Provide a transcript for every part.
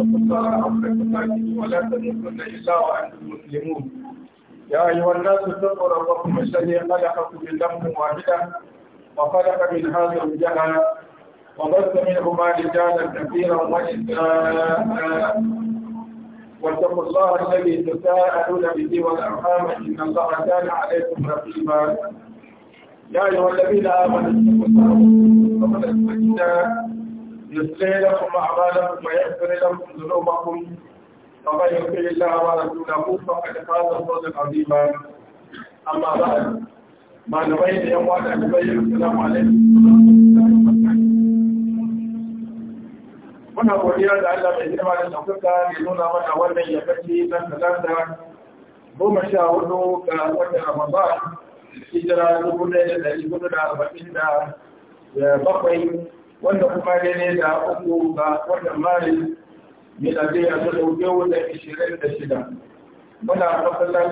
واتقوا الله ولا تموتن إلا وأنتم مسلمون يا أيها الناس اتقوا ربكم الذي خلقكم من واحدة وخلق منها زوجها وبث منهما رجالا كثيرا ونساء واتقوا الله الذي تساءلون به والأرحام إن الله كان عليكم رقيبا يا أيها الذين آمنوا اتقوا الله وقد يصلي لكم أعمالكم ويغفر لكم ذنوبكم ومن يطع الله ورسوله فقد فاز فوزا عظيما أما بعد ما نبين يوم واحد السلام عليكم muna godiya da Allah mai girma da ɗaukaka ya nuna mana wannan yabaci na talata goma sha hudu ga watan Ramadan hijira dubu ɗaya da ɗari hudu da arba'in da bakwai wanda kuma ne ne da uku ga wannan mari miladiya ta dauke wanda ishirin da shida muna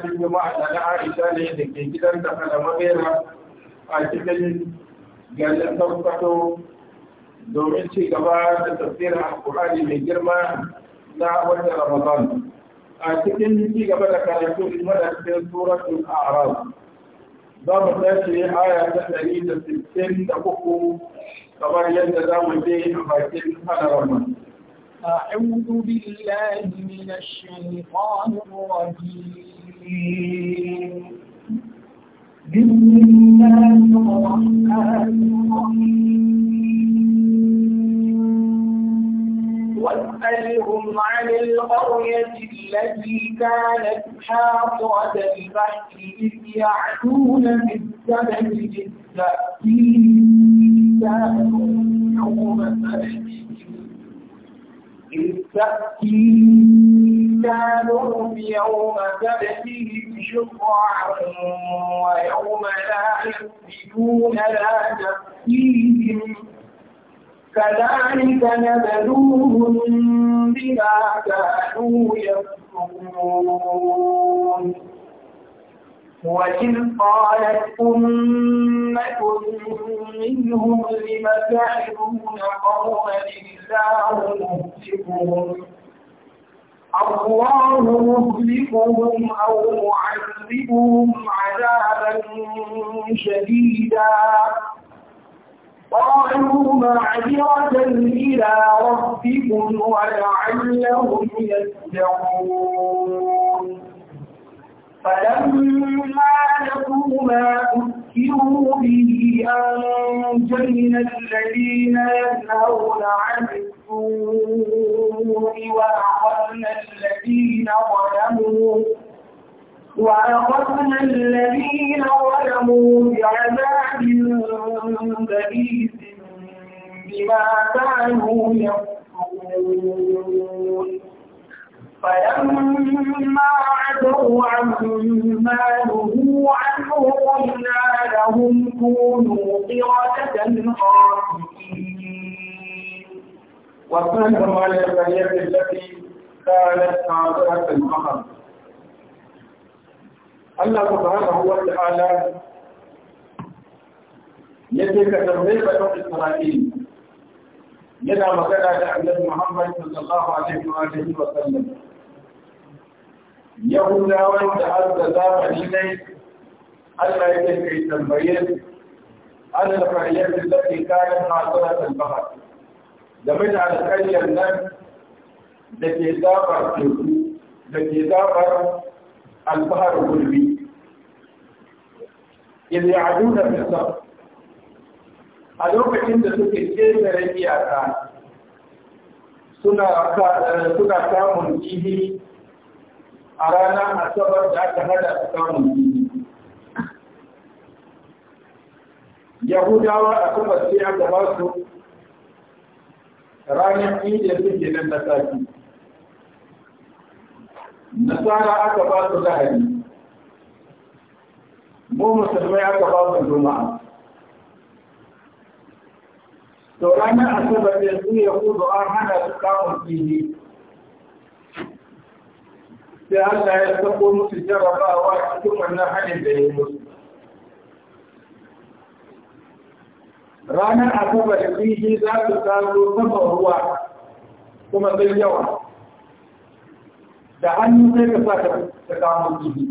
cikin jama'a da na aisha ne da ke gidan da mabera a cikin garin tabbato domin ci gaba da tafsirin alkur'ani mai girma na wannan ramadan a cikin ci gaba da karatu muna cikin suratul a'raf za mu tashi aya ta ɗari da sittin da kamar yadda za mu je a bakin mu أعوذ بالله من الشيطان الرجيم بسم الله الرحمن الرحيم واسألهم عن القرية التي كانت حاضرة البحر إذ يعدون في السبب إذ تأتيهم إياهم يوم التأكيد كانوا يوم تبتهم شرعا ويوم لا يفسدون لا تفسيهم كذلك نبلوهم بما كانوا يفسقون وإذ قالت أمة منهم لم تعدون قوما الله مهلكهم الله مهلكهم أو معذبهم عذابا شديدا قالوا معذرة إلى ربكم ولعلهم يتقون فلما لقوا ما أذكروا به أنجينا الذين ينهون عن السوء وأخذنا الذين ظلموا وأخذنا الذين ظلموا بعذاب بئيس بما كانوا يفسقون فلما عدوا عما نهوا عنه قلنا لهم كونوا قردة خاسئين وسلم على البرية التي كانت خاطئة الأمر الله سبحانه وتعالى يجب تنظيف بني إسرائيل yana magana da محمد صلى الله عليه وآله وسلم yahudawan da har da zamani ne Allah ya kai tambaye an alfariyar da take kayan hasara talbahar game da alƙaryar nan da ke zabar teku da ke zabar alfahar gulbi idan ya adu da fisa a lokacin da suke ƙetare iyaka suna samun kihi a ranar asabar da aka hada samun jini yahudawa a kuma sai aka ba su ranar inda ke nan na sati nasara aka ba su lahari mu musulmai aka ba su juma'a to ranar asabar yanzu yahudu an hana su kamun jini sai Allah ya sako musu jarabawa cikin wannan hanyar da ya musu. Ranar Asabar Fiji za su taso saman ruwa kuma zai yawa, da hannu sai ka sa ta kamo jiki.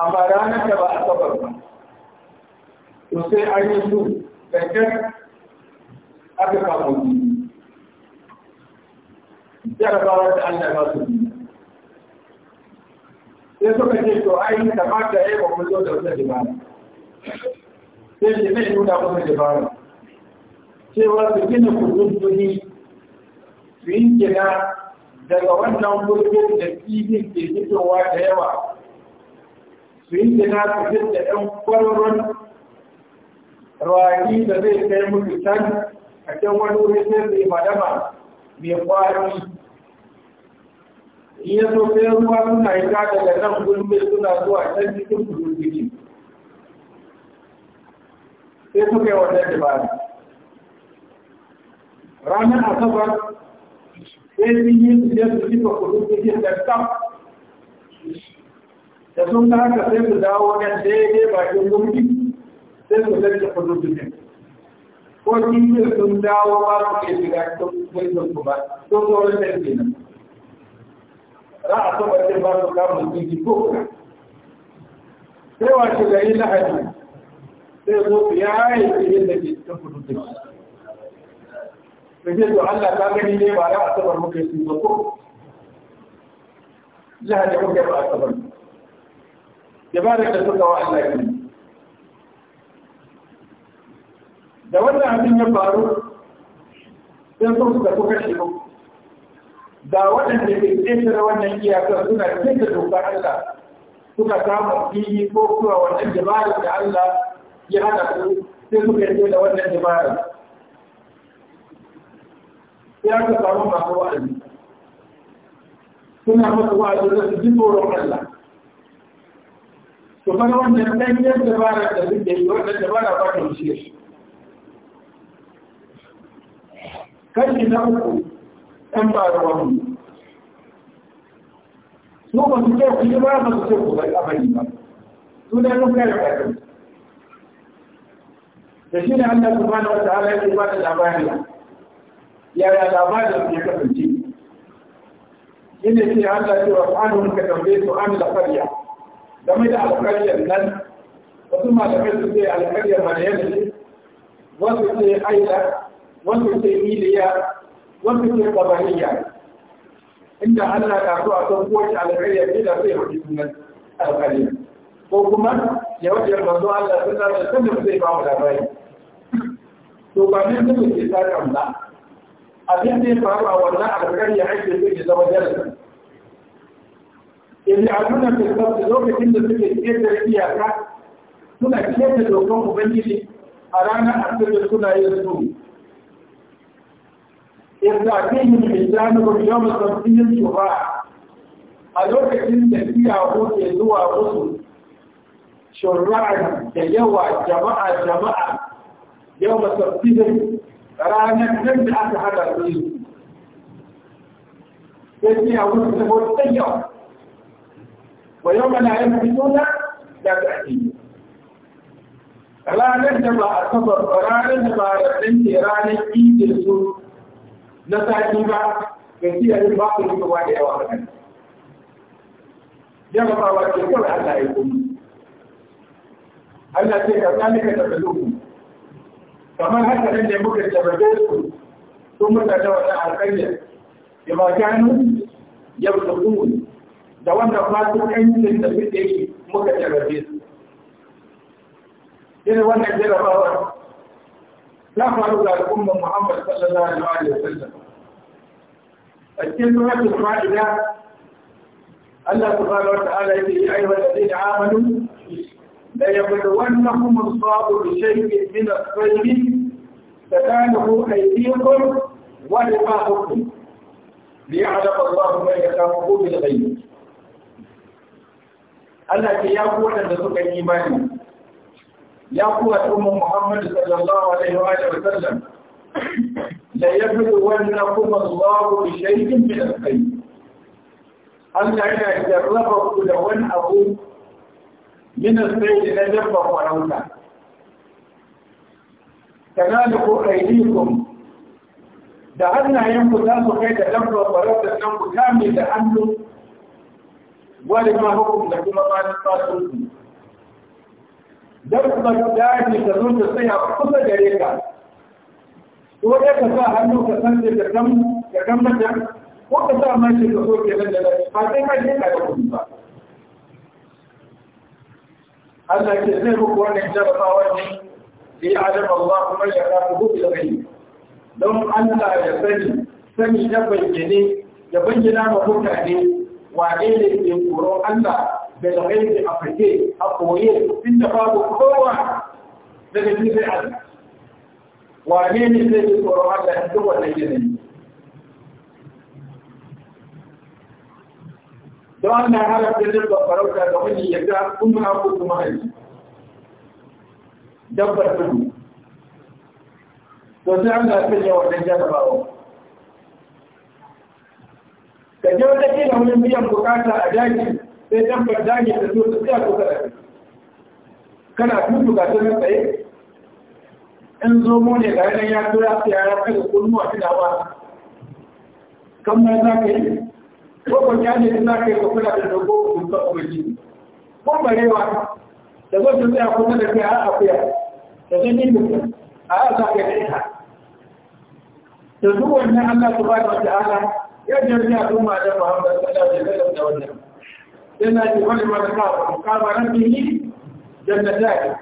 Amma ranar da ba Asabar ba, to sai an yi su da aka kamo jiki. jarabawar da Allah ba su sai suka ce to ai kamata ya yi wa mun zo da wata dabara sai shi zai nuna musu dabara cewa su gina kudin su yi gina daga wannan gurbin da kibin ke fitowa da yawa su yi gina su fit da ɗan kwararrun da zai kai musu can a can wani wuri sai su yi madama mai kwari in ya so sai ruwa suna yi ta daga nan gulbe suna zuwa can cikin kudin sai suka yi wannan dabara ranar asabar sai sun yi su je su kifa kudin cikin da kam da sun ta haka sai su dawo nan daidai bakin gulbi sai su zarce kudin cikin ko cikin sun dawo ba su ke shiga cikin gulbin ku ba sun zo wajen kenan za a saba zai ba su kamun jirgi ko sai wace gari lahadi sai zo su yi tsirin da ke cikin kudu da shi da ke Allah ta gani ne ba za a saba muka yi ba ko lahadi muka yi ba a saba dabarar da suka wa Allah ne da wannan abin ya faru sai sun suka kuka shi ba Da waɗanda ke ƙetare wannan iyakar suna da dokar Allah suka samu fili ko kuwa wannan dabarar da Allah ya hana su sai suka yi da wannan dabarar. Ya ka samu masu wa'azi. Suna masu wa'azi da su ji tsoron Allah. To mana wannan ɗanyen dabarar da suke yi wannan dabara ba ta wuce shi. Kashi na uku ‘yan ba da wani. Su ba su kyau kuma ba ba su kyau ku bai abari ba. Su ne mun kai da ƙarfi. Da shi ne Allah subhanahu wa ta'ala yake ba da labari. Yaya labarin ya kasance? Shi ne sai Allah ce wa tsanin ka tambaye su an da ƙarya. Game da alƙaryar nan, wasu malamai su ce alƙaryar mana yanayi, wasu ce aida, wasu ce miliya, wanda ke ƙabahiyya inda Allah ka so a san kowace alƙarya ne da sai haɗi sunan alƙarya ko kuma ya wajen manzo Allah sun zama san da zai ba mu labari to ba ne sun ke sakan ba abin da ya faru a wannan alƙarya ake so ya zama darasi in ya nuna filfarsu lokacin da suke ƙetare iyaka suna keta dokan ubangiji a ranar asirin suna yin su إذ تأتيهم الإسلام يوم الخمسين شفاعة a lokacin da iyawo ke zuwa musu shurra'an da yawa jama'a jama'a yau masarfinin ranar nan da aka hada su yi sai iyawo su zama wata yawa wa yau mana yin fitona da ƙarfi ranar da ba a saba ranar da ba a ranar ke ranar idin su na sati ba ga kiyaye ba ku yi gaba da yawa haka wa ce kawai Allah ya yi Allah ce ka sami ka tafi duku kamar haka nan ne muka tabbatar su sun muka da wata alƙarya da ba gano ya kuma da wanda ba su ƙancin da suke yi muka tabbatar su. Irin wannan jarabawar نفعل ذلك أمة محمد صلى الله عليه وسلم الكلمة الفائدة الله سبحانه وتعالى يا أيها الذين آمنوا لا يبلونكم الصابر بشيء من الصيد تكانه أيديكم ورقاقكم ليعلم الله ما يخافه بالغيب Allah ke ya kowa da suka يقول قوة أم محمد صلى الله عليه وآله وسلم لا يبلغنكم الله بشيء من الخير أن لا يجرب كل ون أقول من الخير لا يجرب ونوتا كذلك أيديكم دعنا ينفذ أنه كيف تجرب ورد أنه كامل لأنه ولما هو لكم الله don kuma daji ta zo ta tsaya kusa gare ka ko ya ka sa hannu ka san da kam ka kam mata ko ka sa mai shi ka so ke nan da ba sai ka je ka da kuɗi ba Allah ke zai muku wannan jarabawa ne da ya adam Allah kuma ya kafa ku da rai don Allah ya sani sani na bayyane ya bayyana ma mutane wane ne ke tsoron Allah daga gani a fake a koye inda babu kowa daga jirgin Allah wane ne zai yi tsoron Allah a duk wannan yanayi don Allah halar da dabbar farauta ga wani yadda kun muna ko kuma hali dabbar tudu to sai Allah ya sanya wannan jarabawa ka je wata kila wani biyan bukata a daji sai dabbar dage ta zo ta tsaya kusa da kana tutu ga ta nan tsaye in zo mu ne ga yanayin ya tura su yara da kulmuwa da ba kan ma za ka yi ko ko ya ne za ka yi ka kula da dogo kun ka ji ko barewa da zo ta tsaya kusa da kai a akuya da zai yi mutum a za ka yi ita da duk wannan Allah subhanahu wa ta'ala ya a al'umma da Muhammad sallallahu alaihi wasallam da wannan yana yi wani malaka mukama rabbihi jannatani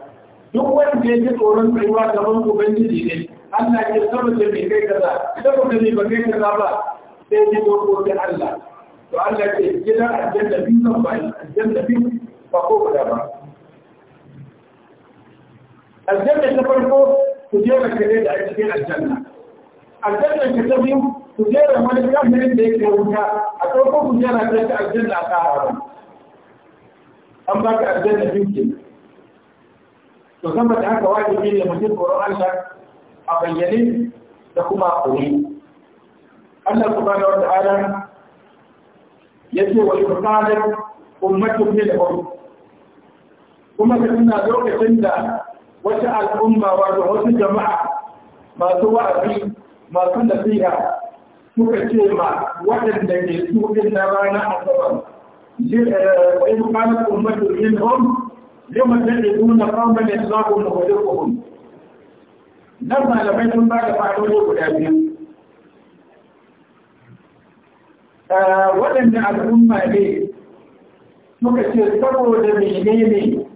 duk wanda ya ji tsoron tsayuwa gaban ubangiji ne Allah ya saboda mai kai kaza saboda mai ba kai kaza ba sai ji dokokin Allah to Allah ke gidan aljanna biyu zan ba aljanna biyu ba ko guda ba aljanna ta farko ku je ka kare da a cikin aljanna aljanna ta ta biyu ku je da wani kafirin da yake wuta a ɗauko ku je na ta aljanna a ƙara ba an ba ka aljanna biyu to sama da haka wajibi ne mutum tsoron Allah a bayyane da kuma a koyi Allah subhanahu wa ta'ala yace wa yuqalu ummatun min al kuma da tuna lokacin da wata al'umma wato wasu jama'a masu wa'azi masu nasiha suka ce ma waɗanda ke su na rana a وإذ قالت أمة منهم لما تجدون قوما يصلاح مغلقهم لما لبيتم بعد فعلوا لي قدامي آه، ولن نعلم ما لي نكسر تقوى لمشيني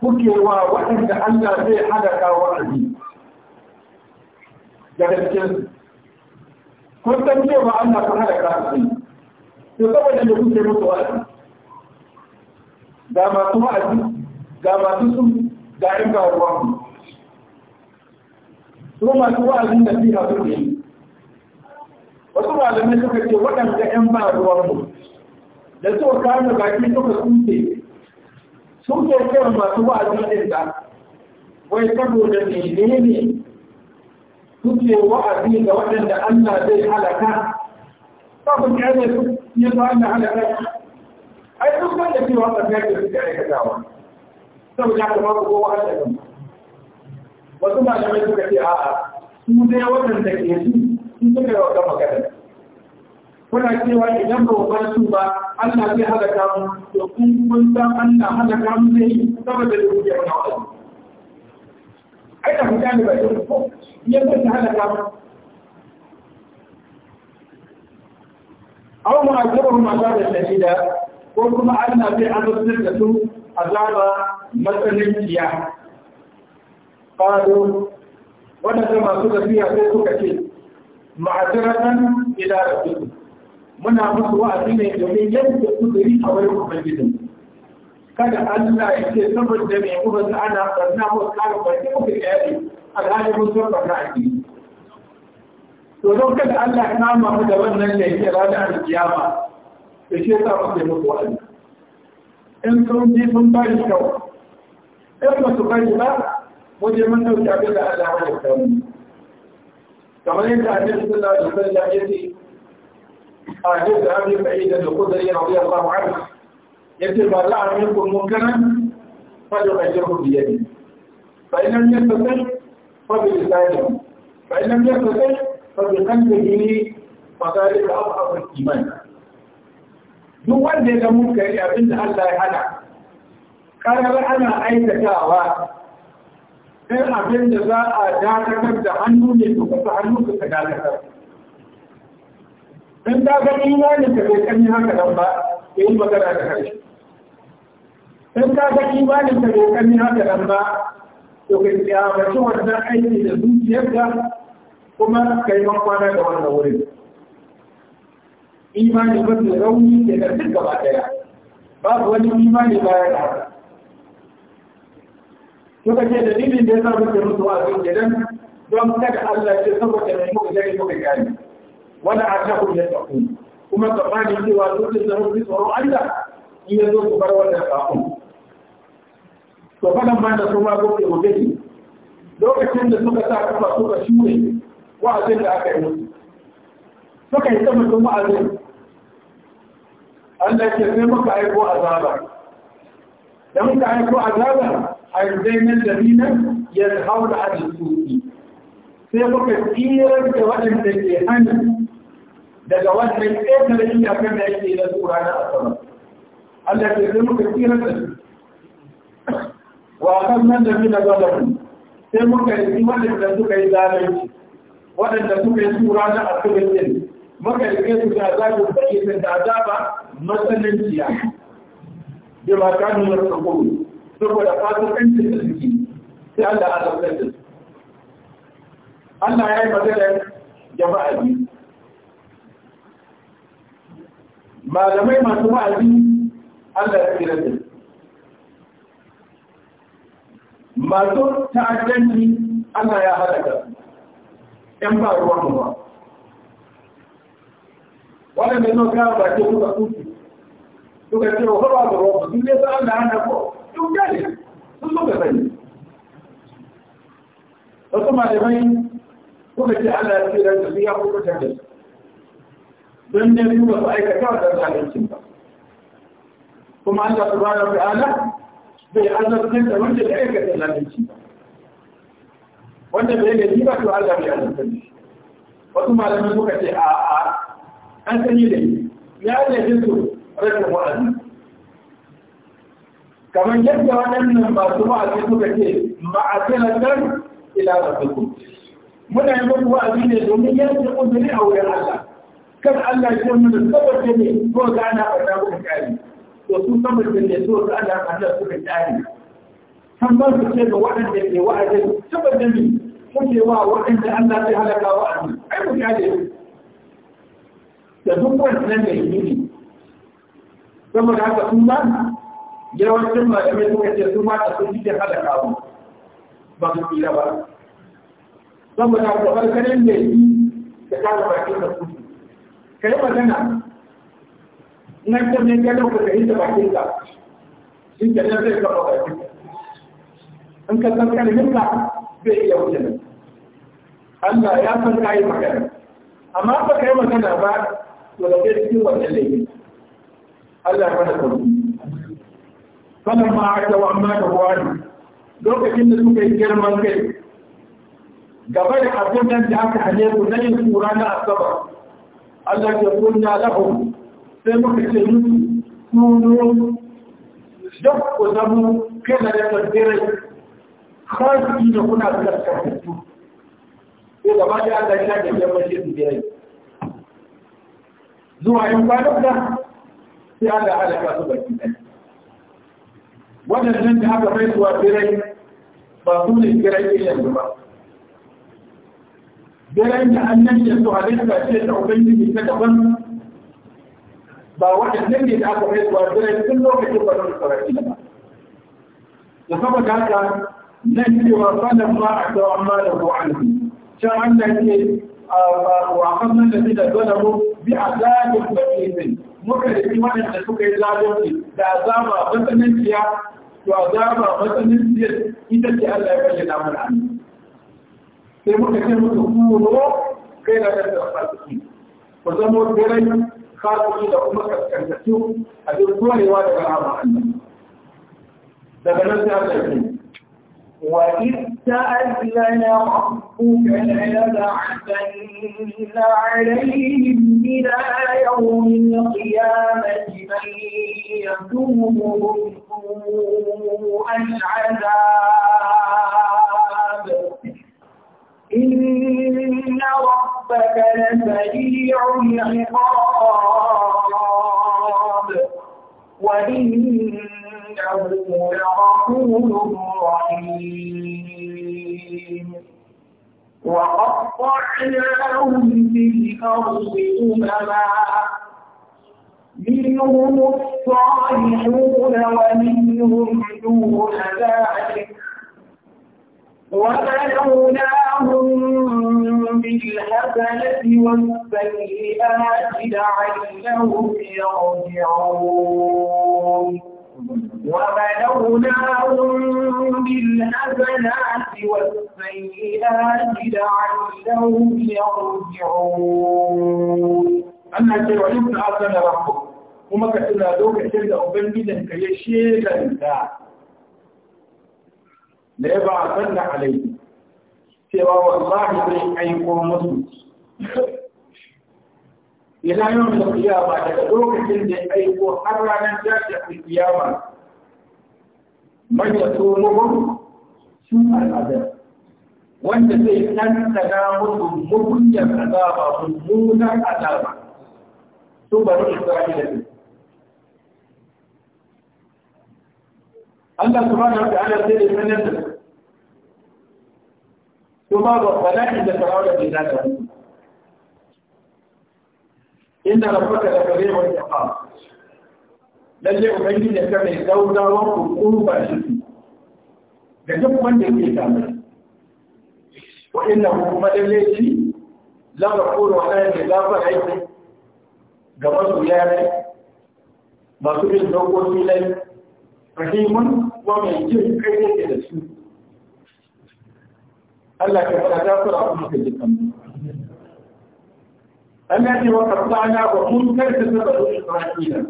كوكيوا وإن تحلى في حدك وعدي جلسل كنت أن الله سبحانه وتعالى to saboda da kuke musu wa'azi ga masu wa'azi ga masu sun ga ƴan gawa su masu wa'azi da fiha su ne wasu malamai suka ce waɗanda 'yan ba ruwan mu da ka kama baki suka kunce sun ke kai masu wa'azi ɗin da wai saboda ne? menene kuke wa'azi ga waɗanda Allah zai halaka ba ku ne su ya zo an da hana aiki ai duk wanda ke wa tsarkiyar da suke aikatawa saboda ya ma ku kowa da gaba wasu ba malamai suka ce a'a su dai da ke su sun suka yi wa gama kada kuna cewa idan ba bar su ba Allah zai hada mu to kun kun san Allah hada mu zai saboda da kuke wannan wa'azi ai da mutane ba ke ko yanda ta hada mu aw mu'azzabahum azaban shadida ko kuma Allah zai azabtar da su azaba matsananciya qalu wadanda masu tafiya sai suka ce ma'aziratan ila rabbikum muna musu wa'azi ne domin yadda su gari a wurin ubangijin kada Allah ya ce saboda me ubansa ana barna mu kare barna mu kare alhali mun zo barna a cikin to lokacin da Allah ya kama mu da wannan ne yake ranar kiyama da shi yasa muke muku wa'azi in sun ji sun shi kyau in ba su bari ba waje mun dauki abin da Allah ya kawo kamar yadda Annabi sallallahu alaihi wasallam ya ce أهل أبي سعيد الخدري رضي الله عنه يتبع لها منكم منكرا فليغيره بيده فإن لم يستطع فبلسانه فإن لم يستطع فبقلبه فذلك أضعف الإيمان duk wanda ya ga munkari abin da Allah ya hana karar ana aikatawa sai abinda da za a dakatar da hannu ne to kasa hannu ka ta dakatar in da ga imanin ka bai kanyi haka nan ba ya yi magana da harshe in ka ga imanin ka bai kanyi haka nan ba to ka kyamaci wannan aiki da zuciyarka kuma ka yi kwana da wannan wurin imani mafi rauni ke da duk gaba daya su wani imani baya da haka suka ce dalilin da ya samu ke mutu a cikin gidan don kada Allah ce saboda mai muka gani muka gani wani a ta kuma ya tafi kuma tsammanin cewa dukkan da mutu tsoron Allah in ya zo ku bar wannan kafin to fadan ma da kuma gobe gobe lokacin da suka sa kafa suka shure wa'azin da aka yi musu suka yi ta mutum wa'azin Allah ke sai muka aiko azaba da muka aiko azaba a yanzu da nina ya hau da ajin suki sai muka tsirar da waɗanda ke hannu daga wannan ƙetare iyakar da yake na tsura na asaba Allah ke sai muka tsirar da su wa kan nan da nina zalamu sai muka yi waɗanda suka yi zalunci waɗanda suka yi tura na asibitin maka rike su da zagin bayyana da ba matsananciya da ba ta nuna sakon saboda fasikancin da suke sai Allah a zartar Allah ya yi maganar jama'a biyu malamai masu wa'azi Allah ya tsira da masu ta'addanci Allah ya halaka su ‘yan ba ruwan mu ba. Waɗanda yana kawo ba ke suka tuki, suka ce wa harwa da ruwan sun ne sa'an da hana ko, sun gane, sun suka sani. Wasu malamai suka ce Allah ya ce ran da ya kuma tafi. Don ne su ba su aikata wa ɗan zalincin ba. Kuma Allah subhanahu wa ta'ala bai azabtar da wanda ya aikata zalunci ba. wanda bai da ba to Allah ya azabta shi wasu malamin muka ce a a an sani da ya da su rashin wa'azi kamar yadda waɗannan masu wa'azi suka ce ma'asiratan ila rabbikum muna yi muku wa'azi ne domin yanke uzuri a wurin Allah kan Allah ya mun saboda ne ko ga ana fada muku kai to su saboda ne to ga ana fada suka kai san ba su ce ga waɗanda ke wa'azi saboda ne kuke wa waɗanda an zafi halaka wa a ai ya kyale da duk wannan da yi saboda haka sun ba yawancin mai suka ce su da sun ji da halaka wa ba su kila ba saboda haka barkanin da yi da kare bakin da su ka yi magana nan ta ne ka dauka ka yi da bakin ka shi ke nan zai kafa bakin ka in ka san kan ka zai iya wuce ne Allah ya san ka yi magana amma ba ka yi magana ba to da kai cikin wannan ne Allah ya fara kuma kana ma aka wa amma da wani lokacin da suka yi girman kai gaba da abin da aka hane ku na yin kura na Asaba. Allah ya kunya lahum sai muka ce musu kunu duk ku zamu kana da tsirrai kawai da kuna karkatattu sai gaba da Allah ya shaƙe yammacin su biyar zuwa yin kwanan da sai Allah halaka su baki ɗaya waɗannan da aka mai zuwa birai ba su ne birai ɗin yanzu ba birai da an annan yanzu halitta ce da ubangiji ta daban ba waɗannan ne da aka mai zuwa birai tun lokacin ba da sarari ba da saboda haka na cewa falon ma a tsawon amma da bu'ansu can Allah ke wa hannun da su da zalamu bi a zagin bakisin muka da shi waɗanda suka yi zalunci da azaba matsananciya to a azaba matsananciya ita ce Allah ya kalli namun an sai muka ce musu kuro kai na da fasiki ku zama birai kasuki da kuma kaskantattu a duk korewa daga rama daga nan sai Allah ya وإذ تأذن ربك ليبعثن عليهم إلى يوم القيامة من يسومهم سوء العذاب إن ربك لسريع العقاب وإنه لرسول وقطعناهم في الأرض أمما منهم الصالحون ومنهم دون ذلك وبلوناهم بالحسنة والسيئات لعلهم يرجعون وبلوناهم بالحسنات والسيئات لعلهم يرجعون. أنا تعلمت أنا ربك وما كتبنا دوك كتبنا أوبن بيدن كيشيكا لنتا. لا يبعثن عليه. سوى والله بشيء يكون مسلم. ila yawan da kiyama daga lokacin da ya aiko har ranar tashi kiyama man ya so mugun su al'adar wanda zai ɗanɗana musu mugunyar azaba mummunar azaba su bari isra'ila ne Allah subhanahu wa ta'ala sai da sanar da su ba ba fala'i da tarawar da za ta mutu inda rabbaka da kare wa iqam lalle ubangiji ka mai gaugawa ku kuma shi da duk wanda yake tare wa inna kuma lalle shi la raqulu ala da zafa aiki ga masu yare masu bin dokoki lai rahimun wa mai jin kai yake da su Allah ka fara da su a kuma ka jikan mu an yi wa karfa ana ba mun karfe ta da wasu rafiya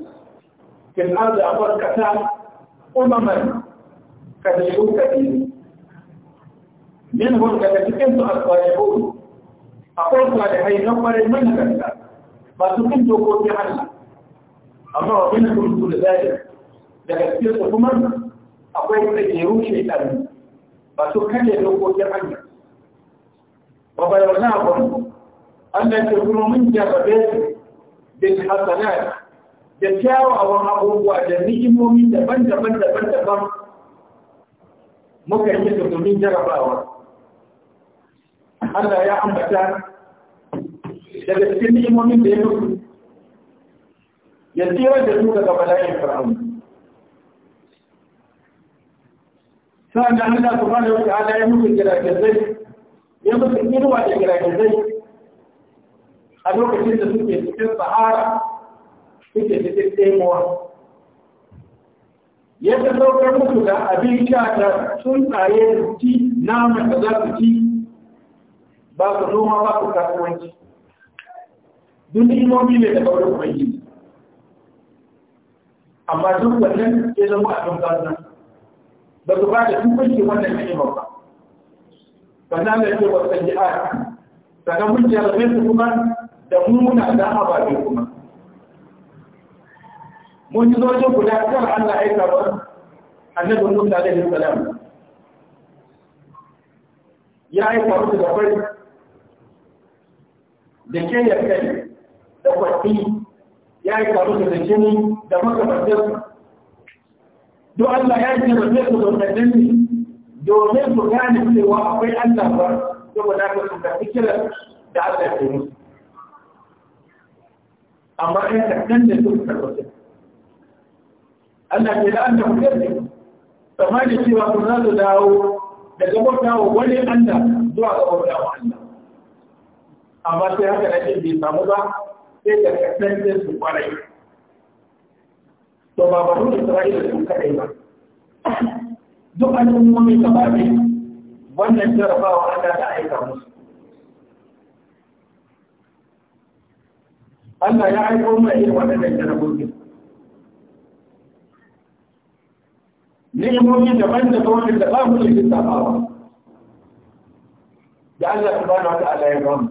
ke na da abar kasa umaman ka da shi ka yi min hulka da cikin su a kwaye a kwaye da hai na kwaye mai na ba su kun dokoki hannu amma wa mina kun su daga cikin kuma akwai wani jeru shaitan ba su kanye dokokin hannu ba bayar na abubuwa Allah ke kuma mun jarrabe su bin hasanat da kyawawan abubuwa da ni'imomi daban-daban daban-daban muka yi su domin jarrabawa Allah ya ambata daga cikin ni'imomin da ya nufi ya tsira da su daga bala'in fir'aun sa'an da Allah subhanahu wa ta'ala ya mutu nufi giragizai ya nufi irwa da giragizai a lokacin da suke cikin sahara suke cikin tsemowa yadda saukar musu da abin sha da tsuntsaye da ci nama, da za su ci ba su noma ba su kasuwanci duk imomi ne da kaurin kwanci amma duk wannan ya zama a kan banza ba su ba da tukunci wannan ne ba sannan da yake wasan ji'a sannan mun jarabe su kuma da mu muna da ababe kuma mun ji zojin guda kan Allah aika ba annabi Musa alaihi salam ya aika musu da fari da ya kai da kwaɗi ya aika musu da jini da makamantarsu Do Allah ya ji da zai su zaunanin ne domin su gane cewa akwai Allah ba saboda ka su ga kiran da Allah ke musu amma ɗan kaɗan da suka karɓa Allah ke da an da kuɗe ne sama da cewa kun za su dawo daga bautawa wani Allah zuwa ga bautawa Allah amma sai haka da bai samu ba sai da kaɗan da su kwarai to ba ba ruwan Isra'ila sun kaɗai ba duk an al'ummomi gaba ne wannan jarabawa Allah ta aika musu ألا يعرف ما هي وحدة الجنبوية نعمل جمعنا توجه لقام في التقارب جعل سبحانه وتعالى يرم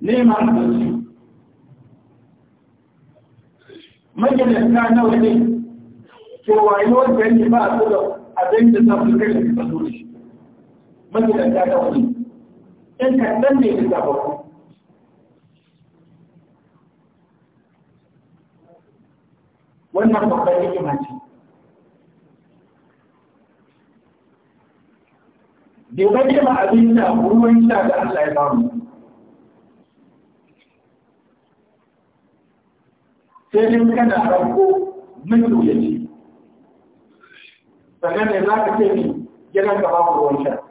نعم ما كان يسمعنا وليه سوى عيون بين جماعة كله أبين تنظر كله في ما كان يسمعنا وليه ɗan kaɗan ne bisa ku. wannan babban hikima ce bai bace ma abin da ruwan sha da Allah ya bamu sai dai kana ranko mutu ya ce sannan da za ka ce ni gidan ka babu ruwan sha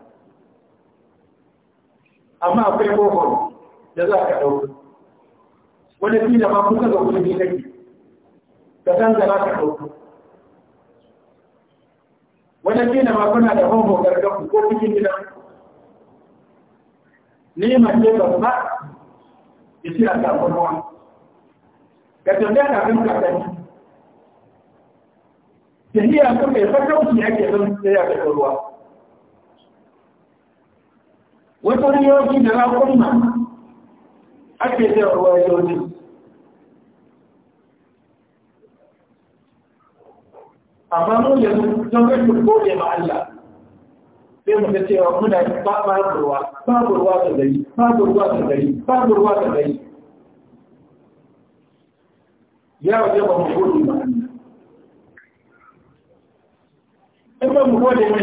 amma akwai kofar da za ka ɗauka wani fila ma kusa ga kudi kake ka san da za ka ɗauka wani fila ma kuna da homo gargafu ko cikin gidan neman ce ba ba ya ce a samun ruwa ga tambaya kafin kasance tafiya kuma ya sakauci ake zan tsaya da ruwa wata riyoji da rakunna ake da riyoji amma mu yanzu don rashin gode ma Allah sai mu muna babu ruwa ta gari babu ta gari babu ruwa ta gari ya waje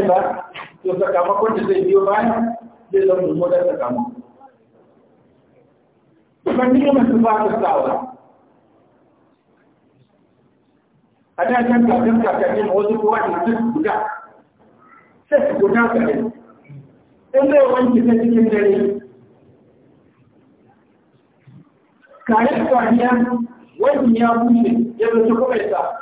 ba zai zama da modar ta ta ta kare kwaniya wani ya bushe ya zai su kuma ya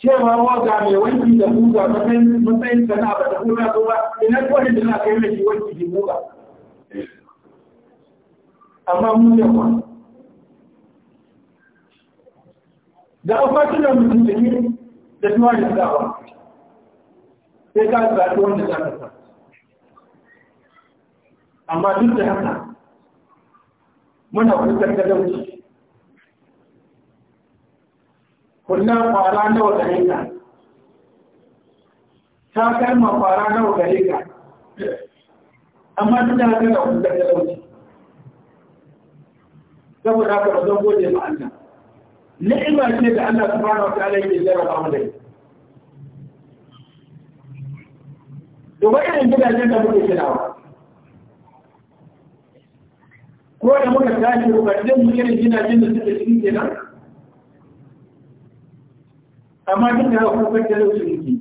cewa waga mai wanki da buga matsayin sana ba da kuna so ba ina kwanin da na kai mai wanki da buga amma mun yawa da akwatunan mutum da tuwa da tsawa sai ka zaɓi wanda za ka sa amma duk da haka muna kusan da dauki kullum kwara nawa gare ka ta kalma kwara nawa gare ka amma duk da haka da kullum da lauci saboda haka ba zan gode ma Allah ni'ima ce da Allah subhanahu wataala yake jarraba mu da ita duba irin gidajen da muke ginawa ko da muka tashi rubatin mu irin gidajen da suke cikin kenan amma duk da haka kuka talauci yake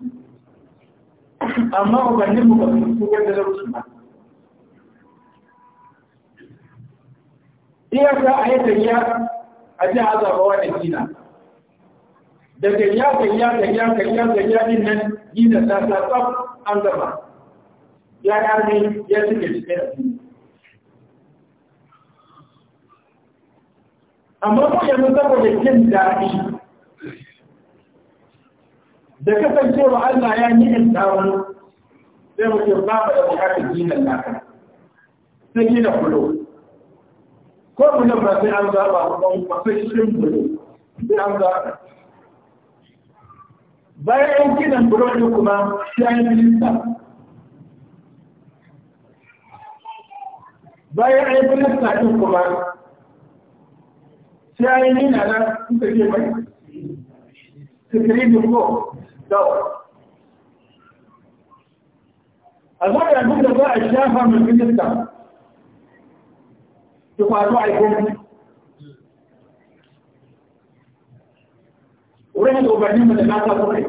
amma ubannin mu ba su kuka talauci ba iyaka a yi tafiya a ji azaba wani gina da gayya gayya gayya gayya gayya din nan gina ta ta tsaf an gaba ya yarmi ya suke cikin addini amma ko yanzu saboda jin daɗi da kasancewa Allah ya yi in tawo sai mu ce ba da bukatar ginin naka sai gina kulo ko mu nan ba sai an zaba don kwasashin kulo sai an zaba bayan an gina kulo ne kuma sai an minista bayan an minista ɗin kuma sai an yi nina na suka ce mai sikirin ko دورة المرأة المدة بقى الشافة من بنت السماء تفاعلوا عليكم ورحل أبعدين من الناس أصحي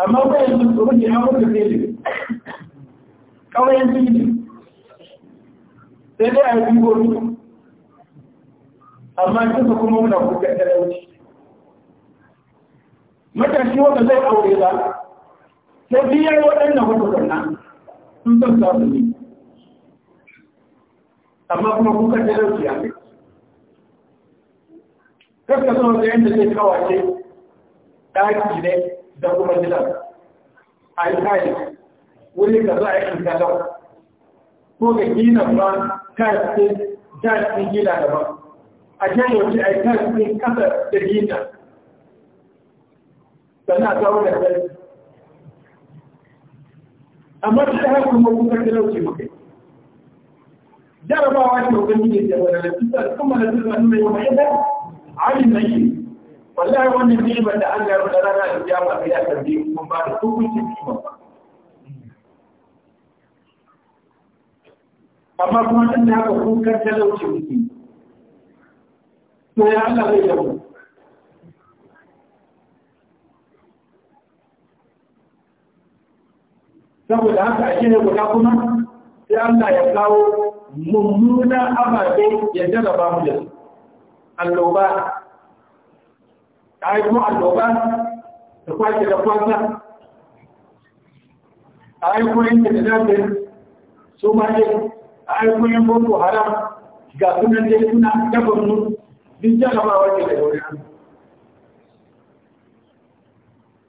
أما هو يمكن أن يكون كثير أو يمكن sai dai a yi biyu amma duka kuma muna kuka talauci matashi wanda zai aure ba sai biyar waɗannan sannan sun zan za su ne amma kuma kuka zai a kai kaska sun wata yadda zai kawace ɗaki ne da kuma gida. a yi kayi, wuri ka za a yi galau ko ga gina ba kayan jasin gina daban a jayyauci a yi kayan kasar da gina sannan a kawo da kai amma ta haka kuma kuka wuce makai jarabawa ce wajen yi da su, tuta kuma da tuta nuna yau mai yadda alin na yi wallahi wannan ne ban da Allah ya rubuta rana da jama'a ga ya tarbi kuma ba da hukunci kuma amma kuma dan haka kuka talauci mutum to ya Allah zai dawo saboda haka a ne guda kuma sai Allah ya kawo mummuna ababe ya jarraba mu da su alloba ta yi kuma alloba da kwaki da kwasa a aikoyin da zafin su ma ne a aikoyin boko haram ga sunan dai suna gabanmu duk jarrabawa ne da wani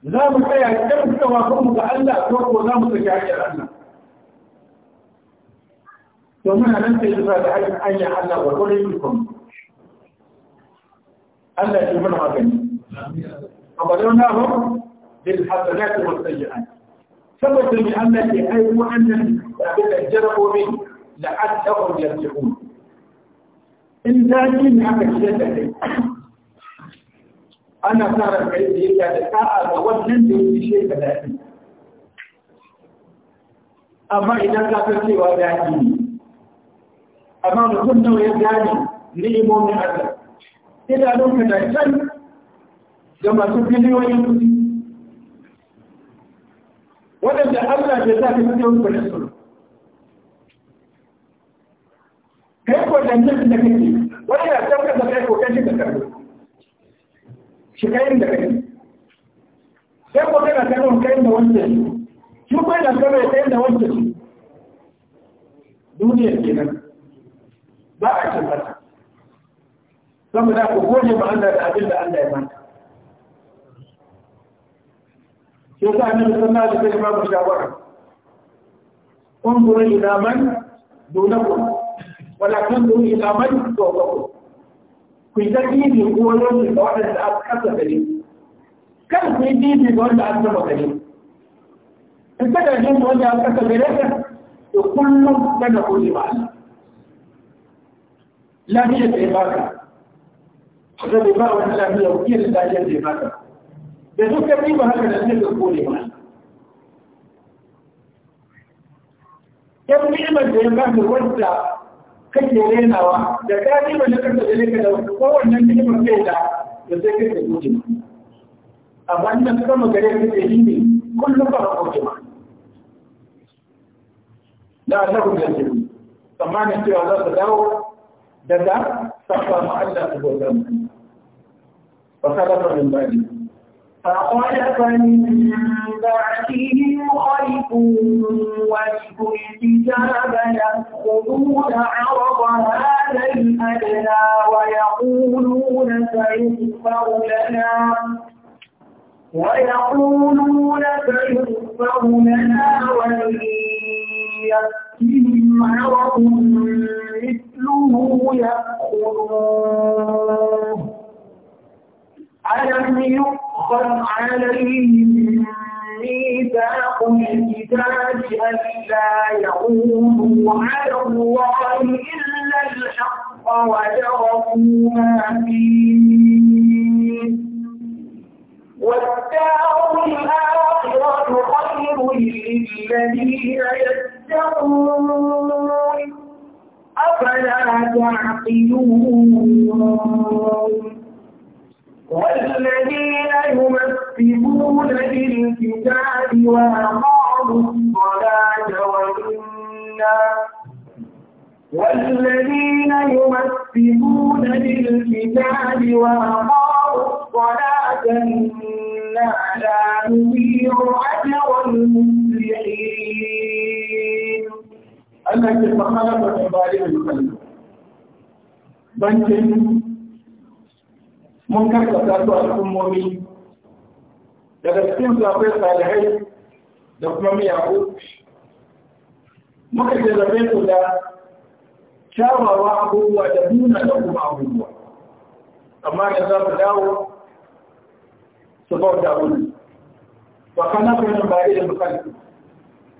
za mu tsaya kan suka wakon ga Allah ko ko za mu saki hanyar Allah to muna nan sai zuwa da hanyar hanyar Allah wa kore yi kun Allah ya mana magani فقدرنا هم بالحسنات والسيئات سبب da أن أي مؤمن فإذا جربوا منه لعلهم يرجعون aka ذاكين هذا كذا ana sa ran kai biyayya da ta'a ga wannan da yake shi ka daɗi amma idan ka san cewa daɗi ne amma mutum nawa ya gane ni'imomin Allah idanun ka da can ga masu biliyoyin kuɗi waɗanda Allah bai sa ka cikin kulisu kai ko dangantin da kake wani ya tabbata kai ko kai ka karbi shiga inda kai sai ko kana kana kai da wanda shi shi ko yana kana kai da wanda shi duniya kenan ba a cin mata saboda ku gode ma Allah da abin da Allah ya manta sai ta annabi sallallahu alaihi wasallam ba shawara انظر الى من wala ولا تنظر الى man فوقكم ku yi ta bibi ko wani da waɗanda aka kasa gare kan ku yi bibi da wanda aka sama gare in ka gaje da wanda aka kasa gare ka to kullum kana kuli ba lafiya ta yi baka zai ba wani lafiya wukiyar da lafiya ta yi baka da duka ba haka da zai ka kuli ba yan ni'imar da ya baka wadda kake renawa da ka nema na kasa da ka da wata kowannen ni'imar kai da da zai kai da guje amma ina suka magare ka da yi ne kullum ba ka guje ma da Allah ku da shi tsammanin cewa za su dawo daga sabba ma Allah su bauta mu fa kada fa min bani fa qala fa min ba'di خلف وجه الحجاب يأخذون عرض هذا الأدنى ويقولون سيغفر لنا ويقولون سيغفر لنا وإن يأتيهم عرض مثله يأخذوه ألم يؤخذ عليهم ميثاق الكتاب ألا يقولوا على الله إلا الحق ودرسوا ما فيه والدار الآخرة خير للذين يتقون أفلا تعقلون والذين يمسكون يكذبون للكتاب وأقاموا الصلاة وإنا والذين يمثلون للكتاب وأقاموا الصلاة إنا لا نضيع أجر المصلحين التي فخلت عباده الخلق بنك منكر تتعدى الأمومين daga cikin akwai salihai da kuma miyaku muka jarrabe su da kyawawa abubuwa da nuna da kuma abubuwa amma da za su dawo su bauta wuri wa kana kuma ba iya bukansu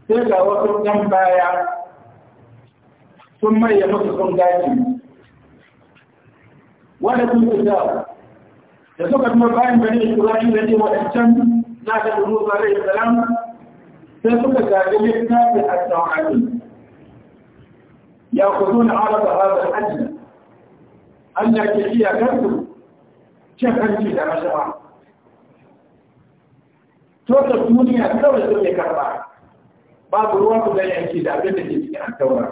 sai ga wasu ɗan baya sun maye musu sun gaji wanda sun fi da suka kuma bayan bane isra'ila ne waɗancan na ta da Musa alaihi salam sai suka gaji littafin tsawon aji. ya kudun araba hada al-ajna Allah ke iya gansu cin hanci da rashawa to da duniya kawai suke karɓa, babu ruwa ku da yanki da abin da ke cikin a tawhid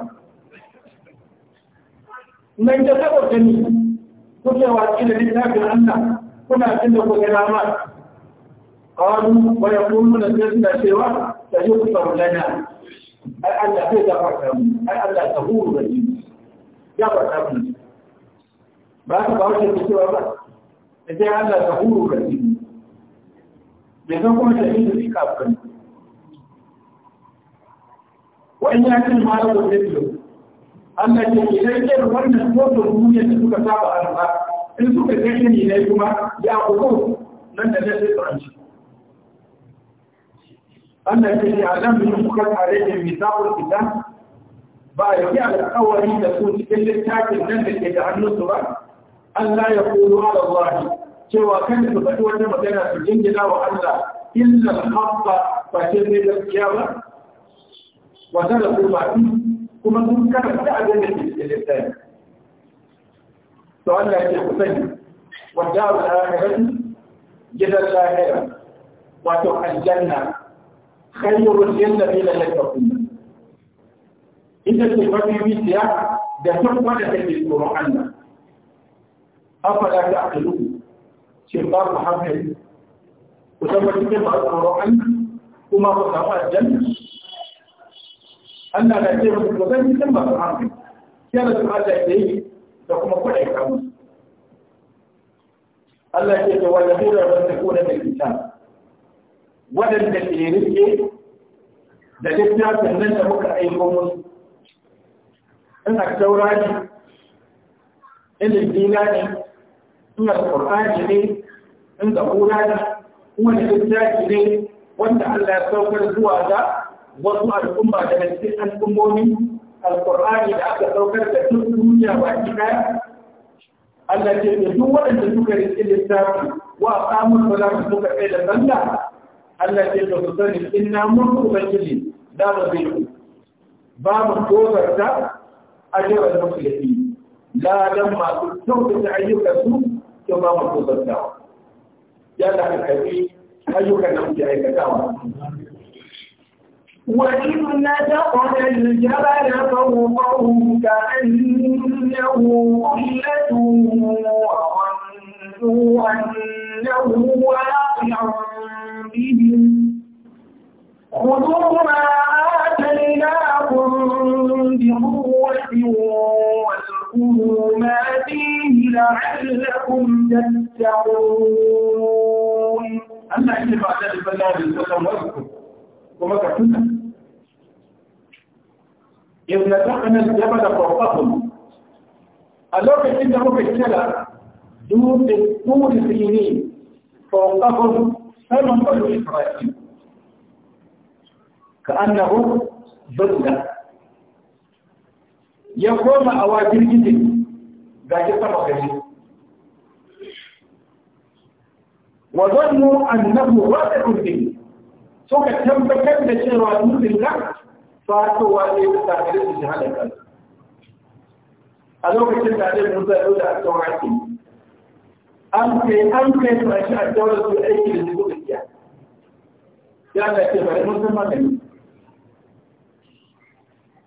nan ta saboda ni kuke wa cikin littafin Allah kuna cin da ku ga قالوا ويقولون الذين سوى سيغفر لنا أي ألا في دفرتهم أي ألا تهور بهم دفرتهم ما تبعوش الكسوة بس إذا ألا تهور بهم لذلكم شهيد الإكاب وإن يكن مالك مثله التي إليه وأن الصوت الرمية تتكتاب أنها إن تكتشني إليكما يأخذون من تجد الرجل أن الذي علم يمكن عليه ميثاق الكتاب بعد على الأول تكون كل التاكل نمت يجعل النصرة أن لا يقولوا على الله سوى كان تفتوى مثلا في الجنجلة لا إلا الحق فكذب الكيامة وتركوا ما فيه كما ذكر تعدل في الإنسان فأنا يتحسن والدار الآخرة جنة الآخرة الجنة خير الجنة إلى لكم إذا تفكر بيتيا ده تقوى لكي في روحنا أفلا تعقلون شبار محمد وثم تكلم أسرار وما وصفاء الجنة أنا لا يجب أن تكلم ثم أسرار كان سؤال إليه لكم أقول إكرام الله يجب أن تكون من الكتاب waɗanda ke rike da littafin nan da muka aiko musu ina taurari ne ina dina ne ina ƙur'ani ne ina ƙura ne wani littafi ne wanda Allah ya saukar zuwa ga wasu al'umma daga cikin al'ummomi alƙur'ani da aka saukar da duk duniya baki kaya. Allah ce me duk waɗanda suka riƙe littafi wa samun salama suka kai da sallah Allah ce ba sani inna mun ubangiji da ba zai ku ba mu ta a jiran musu da fi ladan masu kyautata su to ba mu kofarta ya da ka kafi ayyukan da muke aikatawa وإذ نتقنا الجبل فوقهم كأنه ظلة وظنوا أنه واقع بهم خذوا ما آتيناكم بقوة واذكروا فيه لعلكم تتقون أما إن بعد ذلك الله عليه وسلم واذكر وما كفنا إذ نتقنا الجبل فوقهم ألوك إنه بالسلع دون طول سنين فوقهم سمن بنو إسرائيل كأنه ضد يقوم أواجر جدي ذاك الطبقة وظنوا أنه واثق به سوك كم بكم بشير وعنود الله فاتوا واجه بتاكرة جهال الكلام ألو كتن عليه موسى أولى التوعاتي أنكي أنكي فرشاة دولة الأيكي لزيبوك إياه يعني كيف أنه زمان منه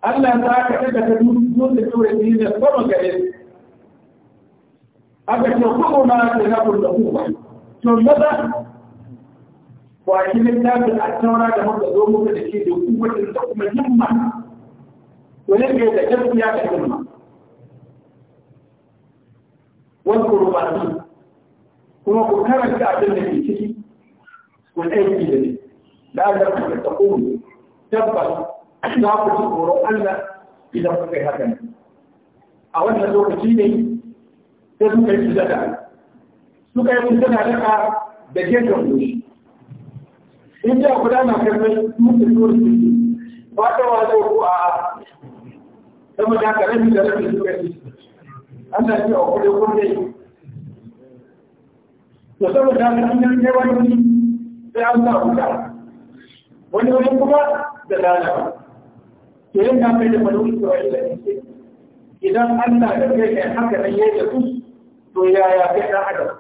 Allah za ka daga ta duniya da tura ne da sama gare aka ce kuma ma ta na kullu kuma to maza wa shi ne ta da taura da muka zo muka da shi da kuma da kuma himma to ne ke da gaskiya da himma wal qurbani kuma ku karanta abin da ke ciki ku aiki da ne da Allah ku ta kuma tabbata za ku ji tsoron Allah idan kuka yi haka ne a wannan lokaci ne sai suka yi sujada suka yi sujada daga da gefen goshi in ji guda na karfin mutu tsoron ba ta wa zai ko a a sama da haka rabi da rabi suka yi Allah ce a kudin kudin to saboda haka in yi wani sai an sa wuta wani wani kuma da lalata to yin na mai da bani Isra'ila ne idan Allah da kai kai haka nan yayi da su to yaya kai da adam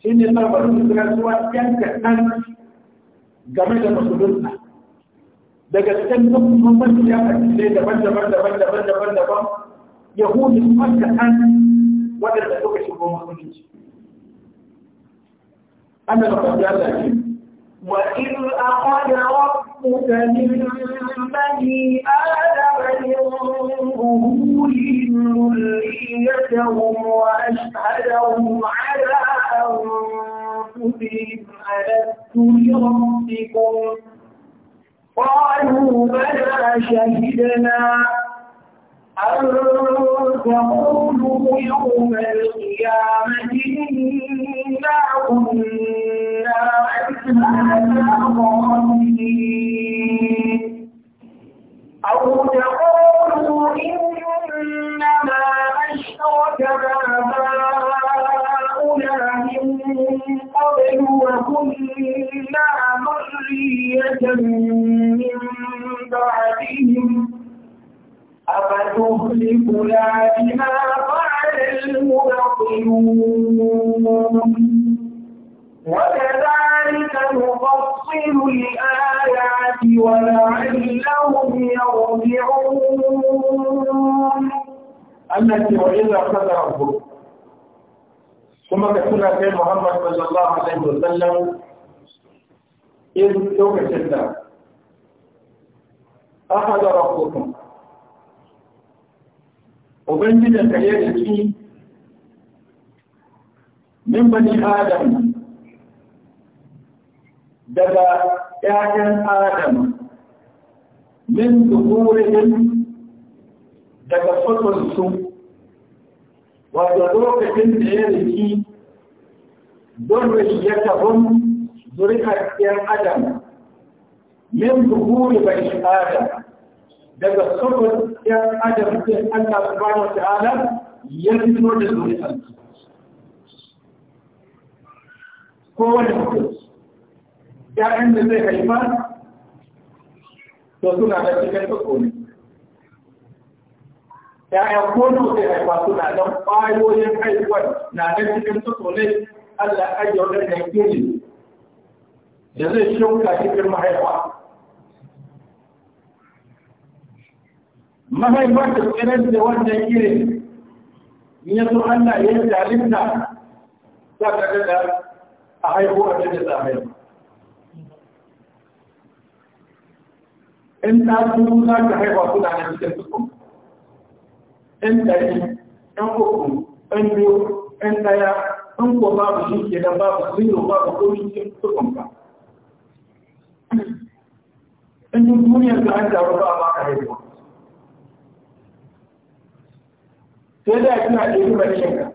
shi ne sa bani Isra'ila suwa yan kaɗan game da musulunta daga cikin duk mamman ya kasance daban-daban daban-daban daban-daban yahudi kuma kaɗan waɗanda suka shigo musulunci أنا لقد جاء وإذ أخذ ربك ربك من آدم من ظهورهم ذريتهم وأشهدهم على أنفسهم ألست لربكم قالوا بلى شهدنا أن تقولوا يوم القيامة إنا كنا تهلكنا بما فعل المبطلون وكذلك نفصل الآيات ولعلهم يرجعون التي وإذا قد ربك ثم كتبنا في محمد صلى الله عليه وسلم إذ توكسلنا أخذ ربكم وبنجد الحياة من بني آدم daga ‘ya'yan Adam min duhurin daga fatonsu, wadda lokacin da ya riki don ya tabon zurikar ‘yan Adam min duhuri shi Adam daga tsohon ‘yan Adam sai Allah subhanahu wa ta'ala ya fito da zurikarsu. Kowane mutum ‘ya'yan da zai haifa to suna da cikin tsoko ne. ‘Ya'yan kono zai haifa suna don ƙwayoyin haifuwar na da cikin tsoko ne Allah ajiye da yankin da zai shauka cikin mahaifa. Mahaifar da tsirar da wannan irin ya zo Allah ya yi jarinta za ta gada a haihuwar da ta haihu. in ta dubu za ka haifa suna na cikin suku in ɗari in uku in biyu in ɗaya in ko babu shi ke nan babu zero babu komi cikin sukun ba in yi duniyar da an jaru ba a baka haihuwa sai da kina ɗari barishinka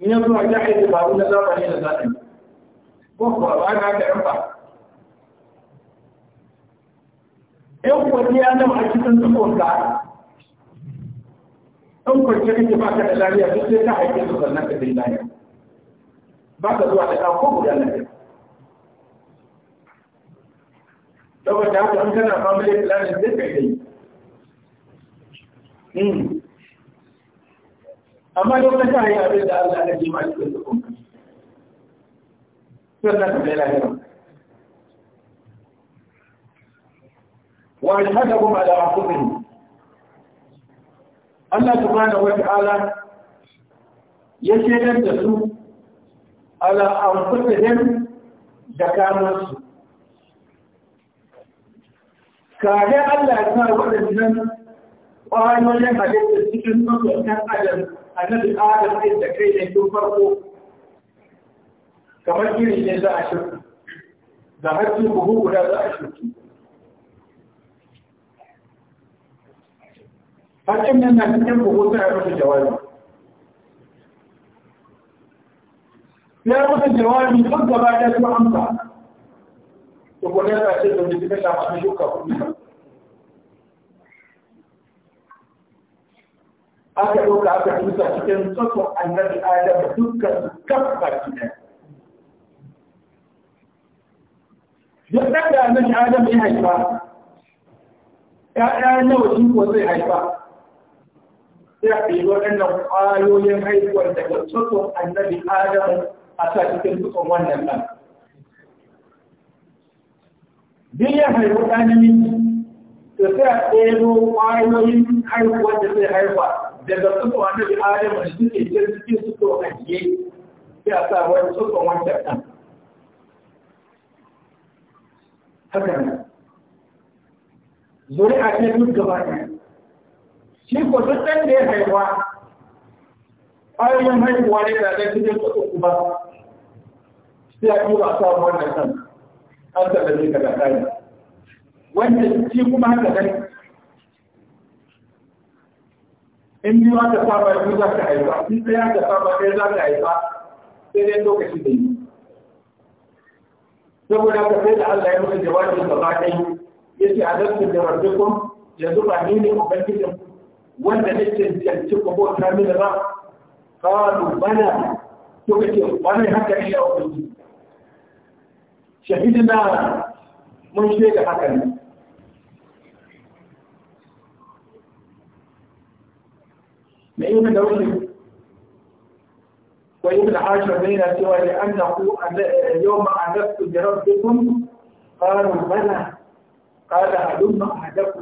in yanzu a jahai dabaru na zamani da zaɗin ko kuwa ba na ka ɗan ba Yan kwanne ya zama a cikin tsakon ka in kwanne kake ba ka da lafiya duk sai ka haife su sannan ka dai lafiya ba ka zuwa da ɗan ko guda lafiya saboda haka an kana family planning sai ka kai hmm. amma yau ka sa yi abin da Allah ya ji ma cikin tsakon ka sannan ka dai lafiya wa alhadakum ala anfusihim Allah subhanahu wata'ala ya shaidar da su ala anfusihim da su. kare Allah ya sa waɗannan ƙwayoyin halittar cikin ɗan adam a nan adam ɗin da kai ne tun farko kamar irin ne za a shirku da har cikin buhu guda za a shirku فكأن الناس ينبغوا سعر في الجواز لا بد الجواز من خطة بعد أسوء أمضى يقول لنا أسئلة من الدمشة عم أشوكا أنت أقول لك أنت تقول لك أن تصح أن النبي آدم ذكر كفر جنا ذكر أن النبي آدم إيه هيفا يعني أنه يجب أن يكون sai a ɗebi waɗannan ƙwayoyin haihuwar daga tsotson annabi adamu a sa cikin tsotson wannan ɗan duk ya haihu ɗan namiji to sai a ɗebi ƙwayoyin haihuwar da zai haihuwa daga tsotson annabi adamu a suke jin cikin tsotson ajiye sai a sa wani tsotson wannan ɗan haka nan zuri'a ce duk gaba ɗaya shi ko duk da ya haihuwa ƙwayoyin haihuwa ne da ɗan cikin su uku ba sai a yi a samu wannan kan an tallafi ka da kayan wanda shi kuma haka nan in biyu aka saba biyu za ka haifa in ɗaya aka saba kai za ka haifa sai dai lokaci da yi saboda ka sai da Allah ya musu jawabin da ba ya ce a nan da rabbikum yanzu ba ni ne ubangijin ku wanda ne cancanci ku bauta mini ba qalu bana suka ce wani haka ne ya ubangiji shahidina mun shaida haka ne da ibn dawud wa ibn hashim bayna cewa da annahu yawma adabtu bi rabbikum qalu bala qala halumma ahdakum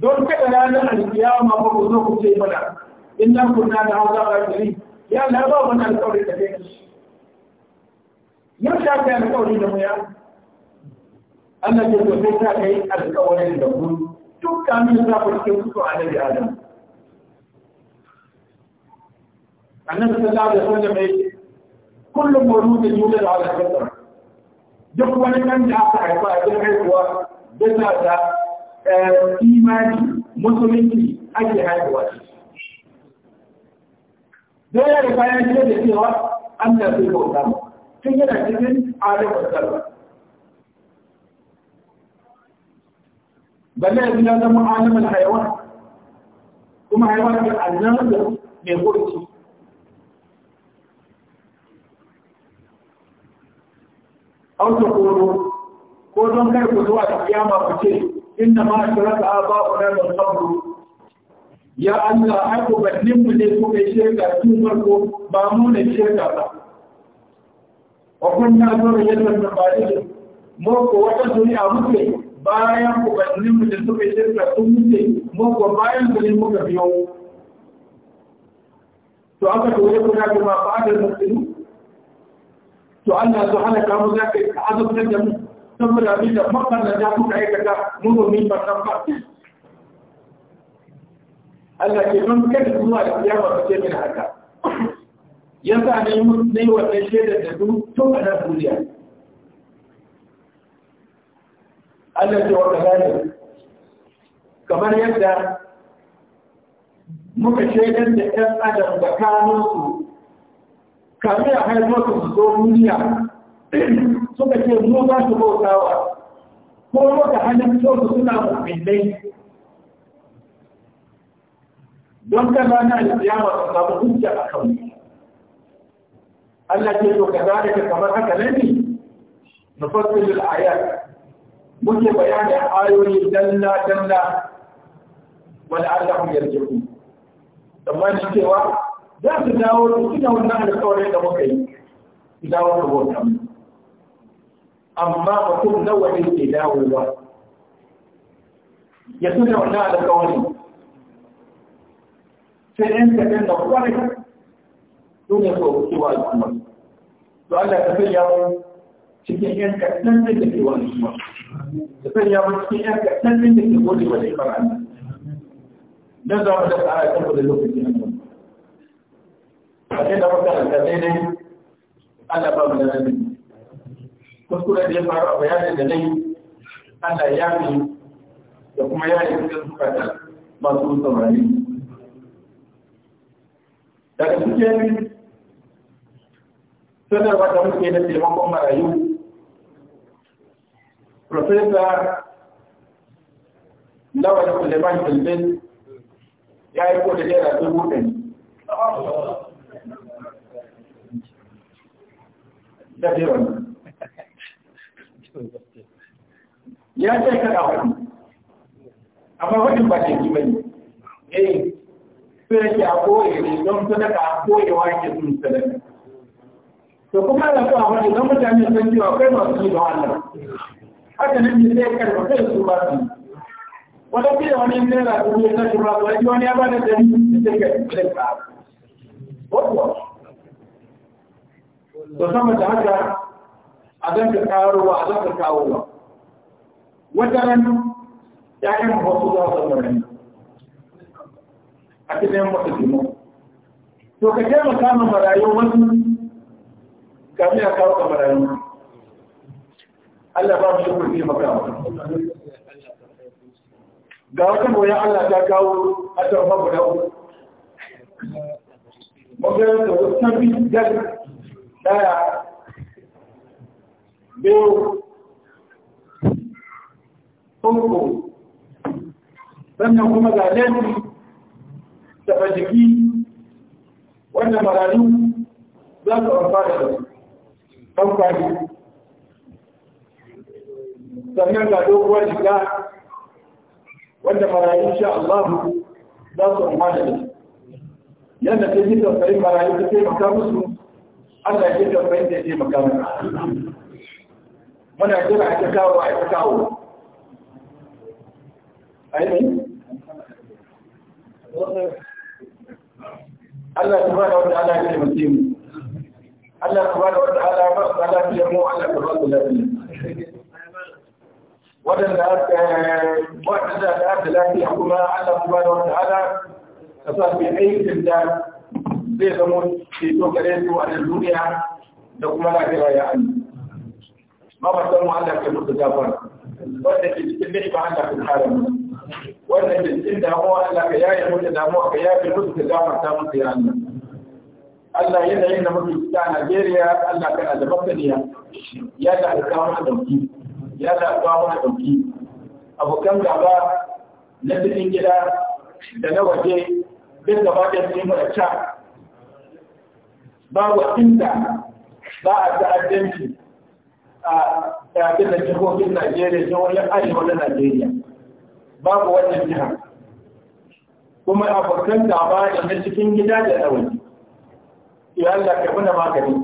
don kada ranar alkiyama ba ku zo ku ce mana in nan kunna da haza ƙarfi ya na ba wani alƙawari da kai yau ta kai alƙawari da mu ya Allah ke so sai ta kai alƙawarin da mu duk kamin za ku cikin kusa a nabi Adam annabi sallallahu alaihi wasallam ya ce kullum mawludin yulad ala fitra duk wani kan da aka haifa a cikin haihuwa bisa da Eh, imani musulunci ake haihuwa shi dole da ya ce da cewa an da su bauta tun yana cikin alaƙar sarwa balle yanzu ya zama alamar haiwan kuma haiwan da annan da mai kurci auta koro ko don kai ku zuwa ta kiyama ku ce inda ma shirka aba'una wal qabru ya Allah ai ku bannin mu ne ku kai shirka tun farko ba mu ne shirka ba wa kunna zuwa yadda na bari mu ko wata duniya muke bayan ku bannin mu da su kai shirka tun muke mu ko bayan ku ne muka biyo to aka dole kuna kuma da muslimu to Allah subhanahu wa ta'ala ka mu zaka azabtar da mu saboda abin da makon da kuka aikata muhimmin bakan ba Allah ke don kada zuwa da kiyama ba ce min haka yasa ne mun ne wannan shaidar da du tun a nan duniya Allah ce wa kazali kamar yadda muka shaidar da ɗan adam da kanunsu kamar ya haifar su zo duniya suka ce mu za su bautawa ko maka hannun su suna mu'minai don ka rana alƙiyama masu samun hujja a kan Allah ce to kazalika kamar haka ne na nufassilul al'ayar muke bayanin ayoyi dalla dalla mu yarje ku amma ni cewa za su dawo su tuna wannan alƙawarin da muka yi su dawo su bauta أما وكل نوع الإداء الله يكون معنى هذا القوانين فإن كان نفسك دون يصور سوى الأمر سؤال لا تفيّر شكيّن كأسن من سوى الأمر تفيّر شكيّن كأسن من سوى الأمر نظر لك على تنفذ اللغة في الأمر فإن أردت أن تبيني ألا بابنا من kuskure da ya faru a bayanin da nai Allah ya yi da kuma ya yi cikin zukata masu saurari daga cikin sanarwa da muke na taimakon marayu Profesa Lawal Suleiman Filbin ya yi kodin yana dubu ɗari. Da ɗaya wannan. ya ce ka da wani amma wani ba ke ba ne eh sai a koye ne don sadaka a sun sadaka to kuma da wani don mutane sun cewa kai masu yi haka ne sai kai su ba su wata wani ya su wani wani ya ba da dari ka to sama ta haka a zan ka karo a zan ka kawo wata ran ‘ya'yan wasu za su rani a cikin wasu jimo. To ka taimaka ma marayu wasu kafin a kawo ka marayu. Allah ba mu shukur taimaka Ga wata goyon Allah ta kawo a tarfa guda uku. Magana da wasu tafi jar daya biyu hunko sannan kuma ga laifi taɓa fajiki wanda marayu za su amfana da amfani sannan ga doguwar shiga wanda marayu sha Allah za su amfana da yadda ta yi tafsayin marayu ta taimaka musu Allah ya yi tafsayin da ya taimaka musu muna jira a ta kawo a ta kawo أي Allah subhanahu wa ta'ala ya taimake mu Allah subhanahu wa ta'ala ba su lafiya mu Allah ka ba su lafiya wadanda aka wadanda da aka lafiya kuma Allah subhanahu wa ta'ala ka sa su aikin da zai zama ceto gare su a duniya da kuma lafiya ya Allah ma ba san mu Allah ka mutu gafara wanda ke cikin ni'ima Allah ka kare mu wannan jinkin damuwa Allah ka yaye mutu damuwa ka yaye mutu ka gafarta musu ya Allah Allah yana yin da mutu ta Najeriya Allah ka azabarta ne ya da ka kawo mana dauki ya da ka kawo mana dauki abokan gaba na cikin gida da na waje duk gaba ɗaya su yi mana ca ba wa inda ba a ta'addanci a ɗakin da jihohin Najeriya jihohin arewa na Najeriya babu wannan jihar kuma abokan gaba da na cikin gida da tsawon. ya Allah ka muna magani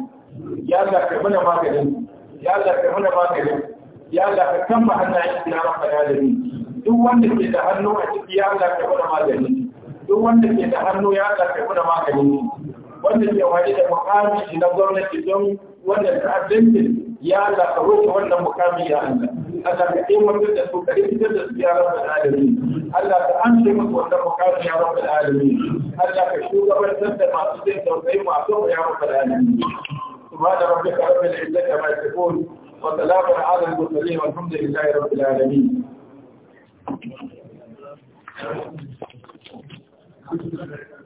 ya Allah ka muna magani ya Allah ka muna magani ya Allah ka kama hannayen ina maka ni. duk wanda ke da hannu a ciki ya Allah ka muna magani duk wanda ke da hannu ya Allah ka muna magani wanda ke wani da mukami na gwamnati don wanda ta ya Allah ka wuce wannan mukami ya Allah Allah ka taimakon da su ka fitar da su ya rabbal alamin Allah ka an taimaka wannan bukatun ya rabbal alamin Allah ka shugabantar da masu zai tausayi masu ya rabbal alamin سبحان ربك رب العزة عما يصفون وسلام على المرسلين والحمد لله رب العالمين Thank you.